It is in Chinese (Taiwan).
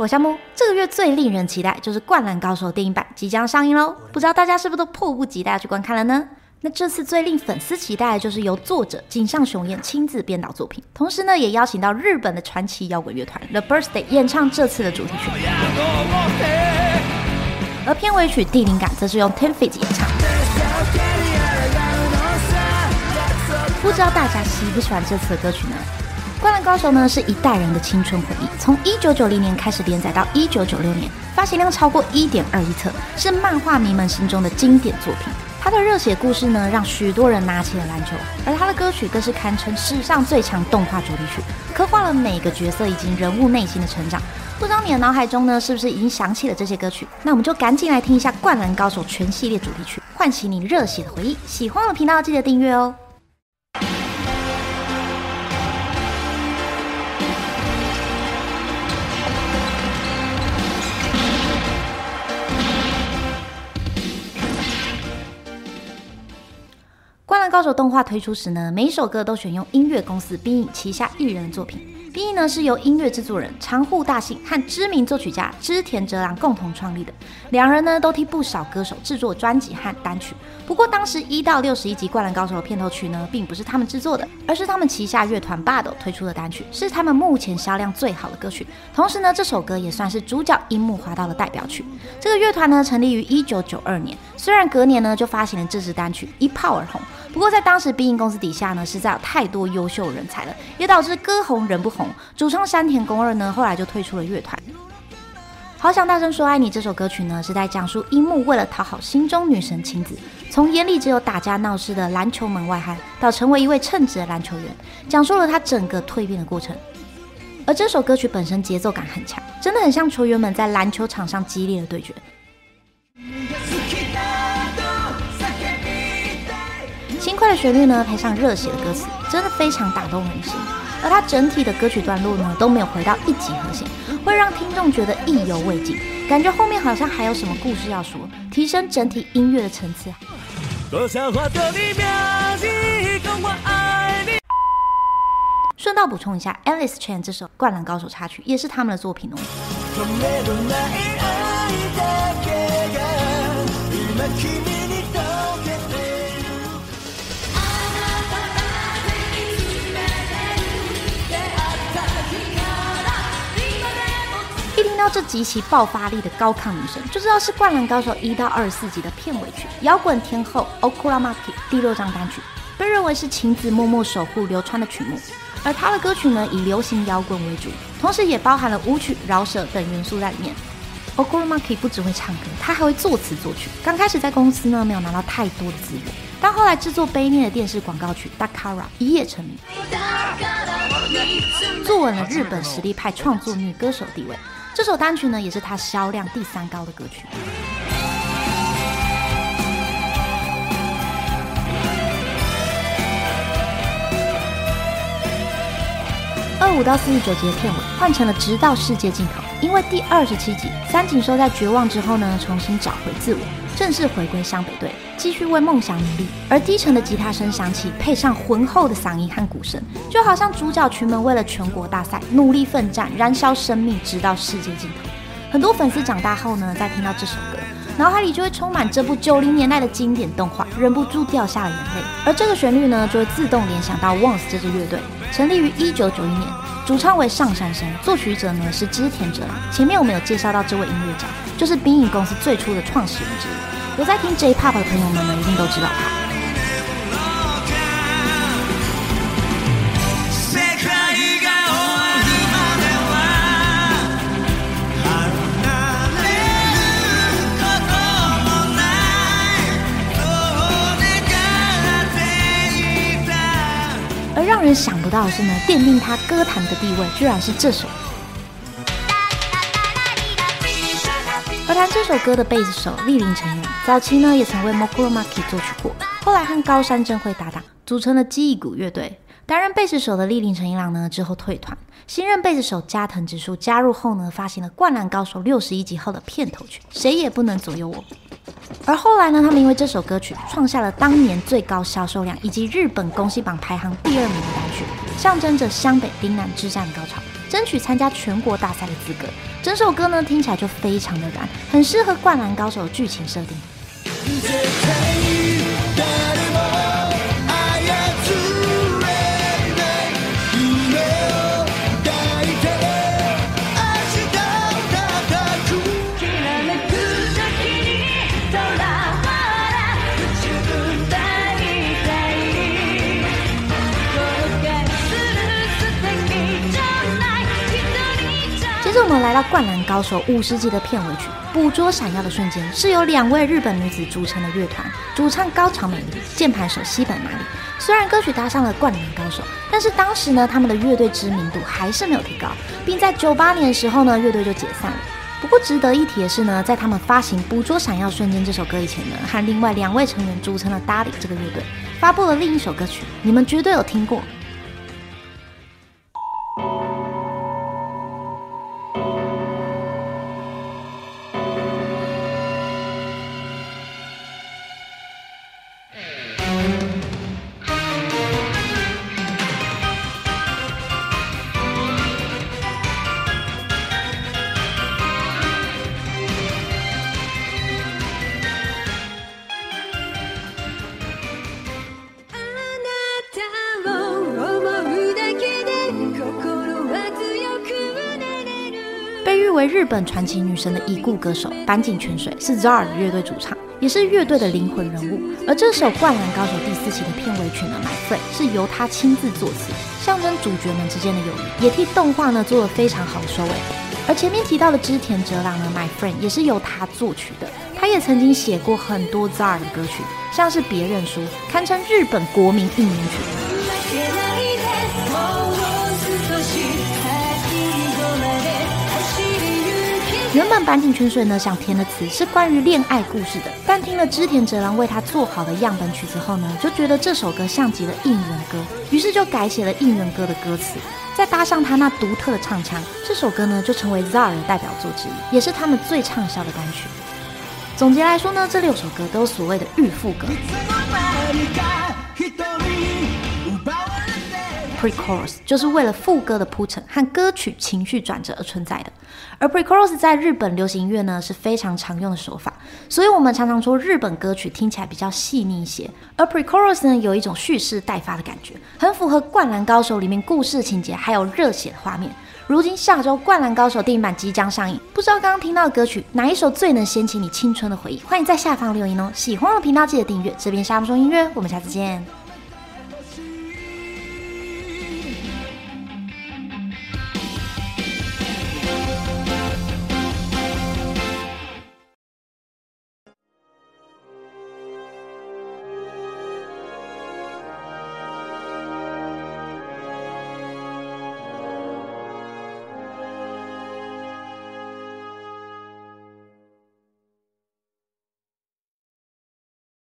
我項目這個月最令人期待就是《灌籃高手》電影版即將上映嘍，不知道大家是不是都迫不及待去觀看了呢？那這次最令粉絲期待的就是由作者井上雄彥親自編導作品，同時呢也邀請到日本的傳奇搖滾樂團 The Birthday 演唱這次的主題曲，而片尾曲《第零感》則是用 Ten Feet 演唱。不知道大家喜不喜歡這次的歌曲呢？《灌籃高手》呢，是一代人的青春回憶，從一九九零年開始連載到一九九六年，發行量超過一點二億冊，是漫畫迷們心中的經典作品。它的熱血故事呢，讓許多人拿起了籃球，而它的歌曲更是堪稱史上最強動畫主題曲，刻畫了每個角色以及人物內心的成長。不知道你的腦海中呢，是不是已經想起了這些歌曲？那我們就趕緊來聽一下《灌籃高手》全系列主題曲，喚起你熱血的回憶。喜歡我的頻道記得訂閱哦。《灌籃高手》動畫推出時呢，每一首歌都選用音樂公司 Being 旗下藝人的作品。Being 呢是由音樂制作人長戶大幸和知名作曲家織田哲郎共同創立的，兩人呢都替不少歌手制作專輯和單曲。不過，當時一到六十一集《灌籃高手》的片頭曲呢，並不是他們制作的，而是他們旗下樂團 BAAD 推出的單曲，是他們目前銷量最好的歌曲。同時呢，這首歌也算是主角櫻木花道的代表曲。這個樂團呢成立於一九九二年，雖然隔年呢就發行了這支單曲，一炮而紅。不過在當時 Being 公司底下呢，實在有太多優秀人才了，也導致歌紅人不紅。主唱山田恭二呢，後來就退出了樂團。好想大聲說愛你這首歌曲呢，是在講述櫻木為了討好心中女神晴子，從眼裡只有打架鬧事的籃球門外漢，到成為一位稱職的籃球員，講述了他整個蛻變的過程。而這首歌曲本身節奏感很強，真的很像球員們在籃球場上激烈的對決。這旋律呢，配上熱血的歌詞，真的非常打動人心。而它整體的歌曲段落呢，都沒有回到一級和弦，會讓聽眾覺得意猶未盡，感覺後面好像還有什麼故事要說，提升整體音樂的層次。順道補充一下，Alice Chan 這首《灌籃高手》插曲也是他們的作品哦。這極其爆發力的高亢女聲就知道是《灌籃高手》一到二十四集的片尾曲。搖滾天後 Okura Maki 第六張單曲被認為是晴子默默守護流川的曲目。而她的歌曲呢，以流行搖滾為主，同時也包含了舞曲、饒舌等元素在裡面。Okura Maki 不只會唱歌，她還會作詞作曲。剛開始在公司呢，沒有拿到太多資源，但後來製作卑劣的電視廣告曲 Dakara 一夜成名，坐穩了日本實力派創作女歌手地位。這首單曲呢，也是它銷量第三高的歌曲。二五到四十九集的片尾換成了“直到世界盡頭”。因為第二十七集，三井壽在絕望之後呢，重新找回自我，正式回歸湘北隊，繼續為夢想努力。而低沉的吉他聲響起，配上渾厚的嗓音和鼓聲，就好像主角群們為了全國大賽努力奮戰，燃燒生命，直到世界盡頭。很多粉絲長大後呢，再聽到這首歌。腦海裡就會充滿這部九零年代的經典動畫，忍不住掉下了眼淚。而這個旋律呢，就會自動聯想到 WANDS 這支樂隊，成立於一九九一年，主唱為上杉昇，作曲者呢是織田哲郎。前面我們有介紹到這位音樂家，就是冰影公司最初的創始人之一。有在聽 J-Pop 的朋友們呢，一定都知道他。但想不到的是呢，奠定他歌壇的地位居然是這首。而彈這首歌的貝斯手栗林誠一郎早期呢，也曾為 Oguro Maki 作曲過，後來和高山真輝搭檔，組成了記憶谷樂隊。擔任貝斯手的栗林誠一郎呢，之後退團，新任貝斯手加藤直樹加入後呢，發行了《灌籃高手》六十一集後的片頭曲，誰也不能左右我。而後來呢，他們因為這首歌曲創下了當年最高銷售量以及日本公信榜排行第二名的單曲，象徵着湘北陵南之戰高潮，爭取參加全國大賽的資格。整首歌呢，聽起來就非常的燃，很適合灌籃高手劇情設定。灌籃高手五十集的片尾曲《捕捉閃耀的瞬間》是由兩位日本女子組成的樂團，主唱高潮美麗，鍵盤手西本麻里。雖然歌曲搭上了灌籃高手，但是當時呢，他們的樂隊知名度還是沒有提高，並在九八年的時候呢，樂隊就解散了。不過值得一提的是呢，在他們發行《捕捉閃耀瞬間》這首歌以前呢，和另外兩位成員組成了 Dolly 這個樂隊發佈了另一首歌曲，你們絕對有聽過。作為日本傳奇女神的已故歌手坂井泉水是 ZARD 的樂，樂隊主唱，也是樂隊的靈魂人物。而這首《灌籃高手》第四期的片尾曲呢，My Friend 是由他親自作詞，象徵主角們之間的友誼，也替動畫呢做了非常好的收尾。而前面提到的織田哲郎呢，My Friend 也是由他作曲的。他也曾經寫過很多 ZARD 的歌曲，像是《別認輸》，堪稱日本國民一名曲。 原本坂井泉水呢想填的詞是關於戀愛故事的，但聽了織田哲郎為他做好的樣本曲之後呢，就覺得這首歌像極了應援歌，於是就改寫了應援歌的歌詞，再搭上他那獨特的唱腔，這首歌呢就成為 ZARD 的代表作之一，也是他們最暢銷的單曲。總結來說呢，這六首歌都是所謂的御付歌。Pre-chorus 就是為了副歌的鋪陳和歌曲情緒轉折而存在的，而 Pre-chorus 在日本流行音樂呢是非常常用的手法，所以我們常常說日本歌曲聽起來比較細膩一些，而 Pre-chorus 呢有一種蓄勢待發的感覺，很符合《灌籃高手》裡面故事情節還有熱血的畫面。如今下周《灌籃高手》電影版即將上映，不知道剛剛聽到的歌曲哪一首最能掀起你青春的回憶？歡迎在下方留言哦！喜歡我的頻道記得訂閱，這邊夏慕說音樂，我們下次見。